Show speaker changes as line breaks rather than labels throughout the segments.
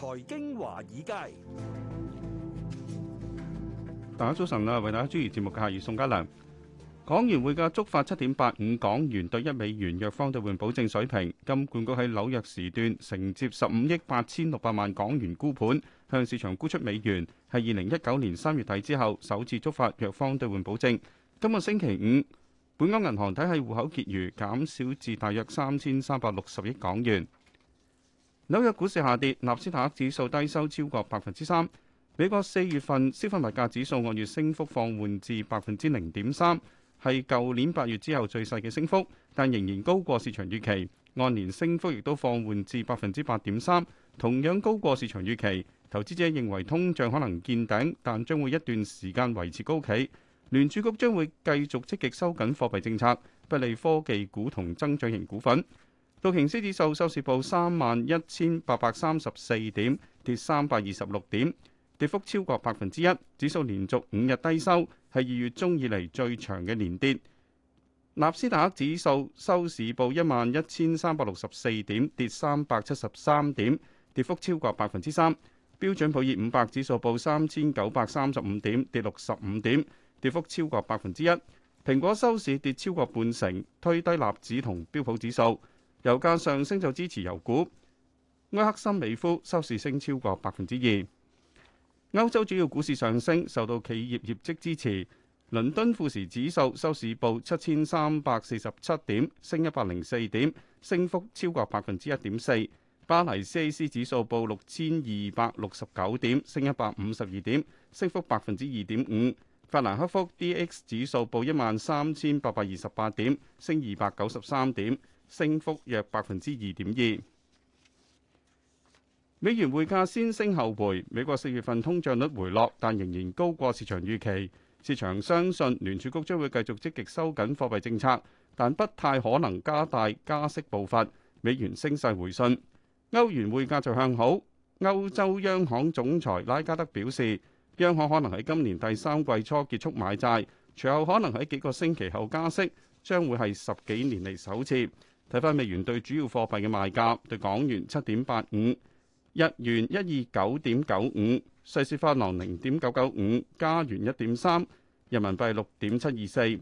財經華爾街，大家早晨啊！為大家主持節目嘅係宋嘉良。港元匯價觸發七點八五港元兌一美元弱方兌換保證水平。金管局喺紐約時段承接十五億八千六百萬港元沽盤，向市場沽出美元，係二零一九年三月底之後首次觸發弱方兌換保證。今日星期五，本港銀行體系戶口結餘減少至大約三千三百六十億港元。紐約股市下跌，納斯達克指數低收超過百分之三。美國四月份消費物價指數按月升幅放緩至百分之零點三，係舊年八月之後最細嘅升幅，但仍然高過市場預期。按年升幅亦都放緩至百分之八點三，同樣高過市場預期。投資者認為通脹可能見頂，但將會一段時間維持高企。聯儲局將會繼續積極收緊貨幣政策，不利科技股同增長型股份。道瓊斯指數收市報三萬一千八百三十四點，跌三百二十六點，跌幅超過百分之一。指數連續五日低收，係二月中以嚟最長嘅年跌。納斯達克指數收市報一萬一千三百六十四點，跌三百七十三點，跌幅超過百分之三。標準普爾五百指數報三千九百三十五點，跌六十五點，跌幅超過百分之一。蘋果收市跌超過半成，推低納指同標普指數。油價上升就支持油股，埃克森美孚收市升超過百分之二。歐洲主要股市上升，受到企業業績支持。倫敦富時指數收市報七千三百四十七點，升一百零四點，升幅超過百分之一點四。巴黎 CAC 指數報六千二百六十九點，升一百五十二點，升幅百分之二點五。法蘭克福 DX 指數報一萬三千八百二十八點，升二百九十三點。升幅約百分之二點二。美元匯價先升後回，美國四月份通脹率回落，但仍然高過市場預期。市場相信聯儲局將會繼續積極收緊貨幣政策，但不太可能加大加息步伐。美元升勢回順，歐元匯價就向好。歐洲央行總裁拉加德表示，央行可能喺今年第三季初結束買債，隨後可能喺幾個星期後加息，將會係十幾年嚟首次。睇返美元對主要貨幣嘅賣價，對港元七點八五，日元一二九點九五，瑞士法郎零點九九五，加元一點三，人民幣六點七二四，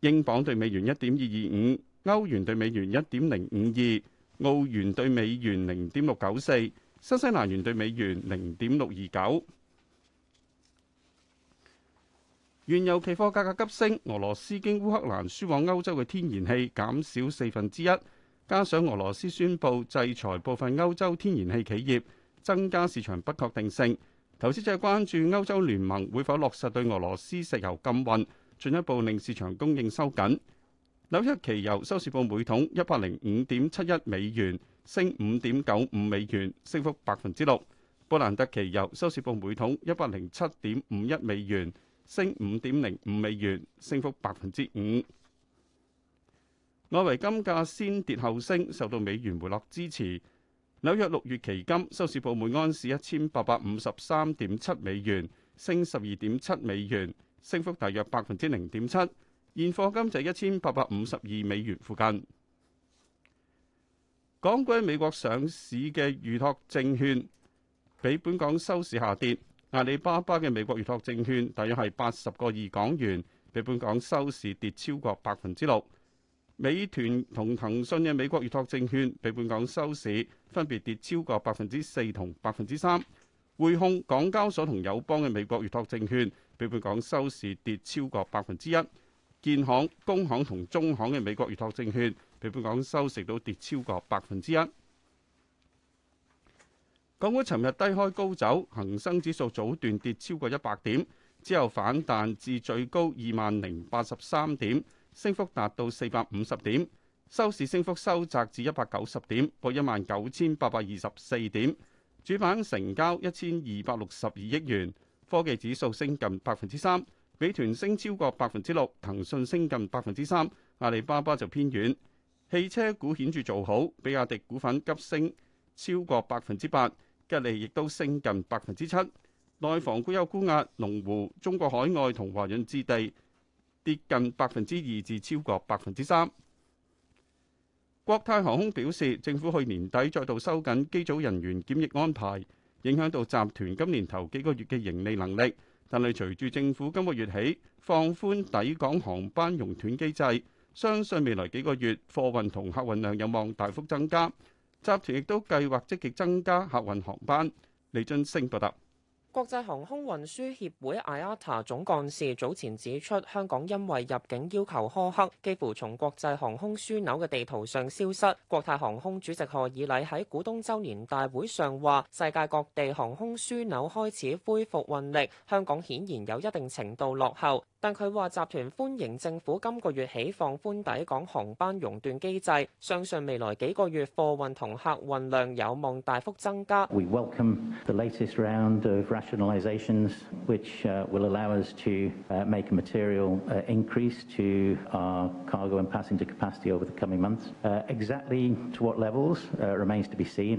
英鎊對美元一點二二五，歐元對美元一點零五二，澳元對美元零點六九四，新西蘭元對美元零點六二九。原油期貨價格急升，俄羅斯經烏克蘭輸往歐洲嘅天然氣減少四分之一，加上俄羅斯宣布制裁部分歐洲天然氣企業，增加市場不確定性。投資者關注歐洲聯盟會否落實對俄羅斯石油禁運，進一步令市場供應收緊。紐約期油收市報每桶一百零五點七一美元，升五點九五美元，升幅百分之六。布蘭特期油收市報每桶一百零七點五一美元。升五點零五美元，升幅百分之五。外圍金價先跌後升，受到美元回落支持。紐約六月期金收市報每安士一千八百五十三點七美元，升十二點七美元，升幅大約百分之零點七。現貨金就一千八百五十二美元附近。港股美國上市嘅預託證券，比本港收市下跌。阿里巴巴嘅美國預託證券大約係八十個二港元，比本港收市跌超過百分之六。美團同騰訊嘅美國預託證券比本港收市分別跌超過百分之四同百分之三。匯控、港交所同友邦嘅美國預託證券比本港收市跌超過百分之一。建行、工行同中行嘅美國預託證券比本港收市都跌超過百分之一。港股尋日低開高走，恒生指數早段跌超過一百點，之後反彈至最高二萬零八十三點，升幅達到四百五十點。收市升幅收窄至一百九十點，報一萬九千八百二十四點。主板成交一千二百六十二億元。科技指數升近百分之三，美團升超過百分之六，騰訊升近百分之三，阿里巴巴就偏軟。汽車股顯著做好，比亞迪股份急升超過百分之八。吉利亦都升近百分之七，內房股有沽壓，龍湖、中國海外同華潤置地跌近百分之二至超過百分之三。國泰航空表示，政府去年底再度收緊機組人員檢疫安排，影響到集團今年頭幾個月嘅盈利能力。但係隨住政府今個月起放寬抵港航班熔斷機制，相信未來幾個月貨運同客運量有望大幅增加。集團亦都計劃積極增加客運航班。李俊升報道，
國際航空運輸協會 IATA 總幹事早前指出，香港因為入境要求苛刻，幾乎從國際航空樞紐嘅地圖上消失。國泰航空主席賀以禮喺股東周年大會上話，世界各地航空樞紐開始恢復運力，香港顯然有一定程度落後。但佢話：集團歡迎政府今個月起放寬抵港航班熔斷機制，相信未來幾個月貨運同客運量有望大幅增加。We welcome the latest round of rationalizations which will allow us to make a material increase to our cargo and passenger capacity over the coming months. Exactly to what levels remains to be seen.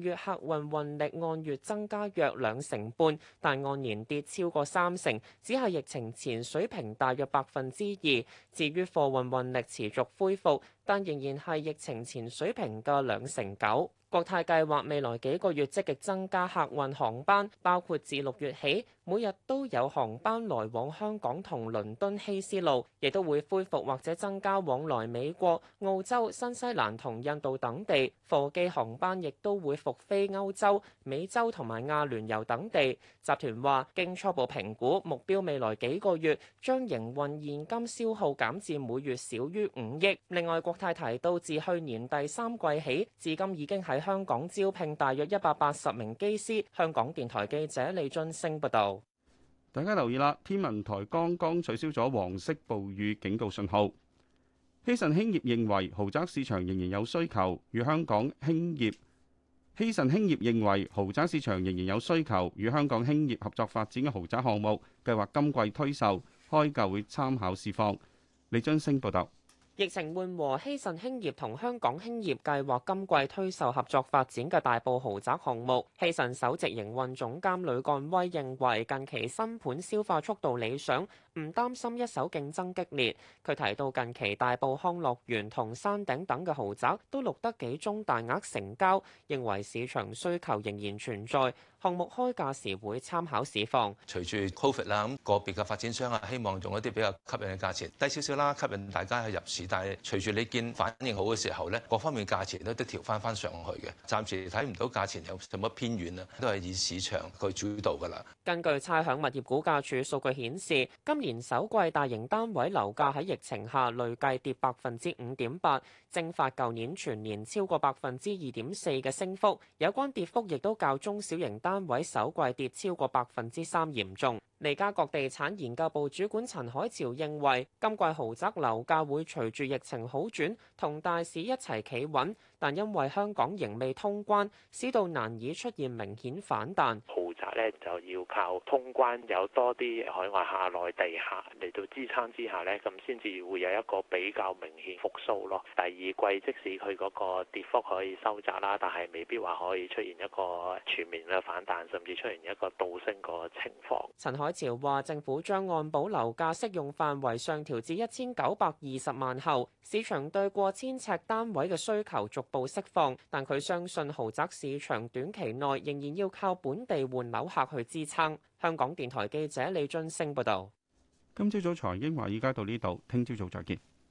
月客運運力按月增加約兩成半，但按年跌超過三成，只係疫情前水平大約百分之二。至於貨運運力持續恢復，但仍然係疫情前水平嘅兩成九。國泰計劃未來幾個月積極增加客運航班，包括自六月起每日都有航班來往香港同倫敦希斯路，亦都會恢復或者增加往來美國、澳洲、新西蘭同印度等地。貨機航班亦都會復飛歐洲、美洲同埋亞聯游等地。集團話經初步評估，目標未來幾個月將營運現金消耗減至每月少於五億。另外，國泰提到自去年第三季起，至今已經喺香港招聘大約一百八十名機師，香港電
台記者李津升報道。大家留意啦，天文台剛剛取消咗黃色暴雨警告信號，希慎興業認為豪宅市場仍然有需求，與香港興業。希慎興業認為豪宅市場仍然有需求，與香港興業合作發展嘅豪宅項目計劃今季推售，開價會參考市況。李津升報道。
疫情緩和，希慎興業同香港興業計劃今季推售合作發展嘅大埔豪宅項目。希慎首席營運總監呂幹威認為近期新盤消化速度理想，唔擔心一手競爭激烈。佢提到近期大埔康樂園同山頂等嘅豪宅都錄得幾宗大額成交，認為市場需求仍然存在。項目開價時會參考市況。隨住 Covid 啦，咁個別嘅發展商啊，希望用一啲比較吸引嘅價錢，低少少啦，吸引大家去入市。但係隨住你見反應好嘅時候咧，各方面價錢都都調翻翻上去嘅。暫時睇唔到價錢有什麼偏遠啊，都係以市場去主導㗎啦。根據差餉物業估價署數據顯示，今年首季大型單位樓價喺疫情下累計跌百分之五點八，蒸發舊年全年超過百分之二點四嘅升幅。有關跌幅亦都較中小型單單位首季跌超過百分之三，嚴重。利嘉閣地產研究部主管陳海潮認為，今季豪宅樓價會隨住疫情好轉，同大市一齊企穩，但因為香港仍未通關，使到難以出現明顯反彈。豪宅咧就要靠通關有多啲海外客、內地客嚟到支撐之下咧，咁先至會有一個比較明顯復蘇咯。第二季即使佢嗰個跌幅可以收窄啦，但係未必話可以出現一個全面嘅反彈，甚至出現一個倒升個情況。海潮話：政府將按保留價適用範圍上調至一千九百二十萬後，市場對過千尺單位嘅需求逐步釋放，但佢相信豪宅市場短期內仍然要靠本地換樓客去支撐。香港電台記者李進盛報道。
今朝早財經華爾街到呢度，聽朝早再見。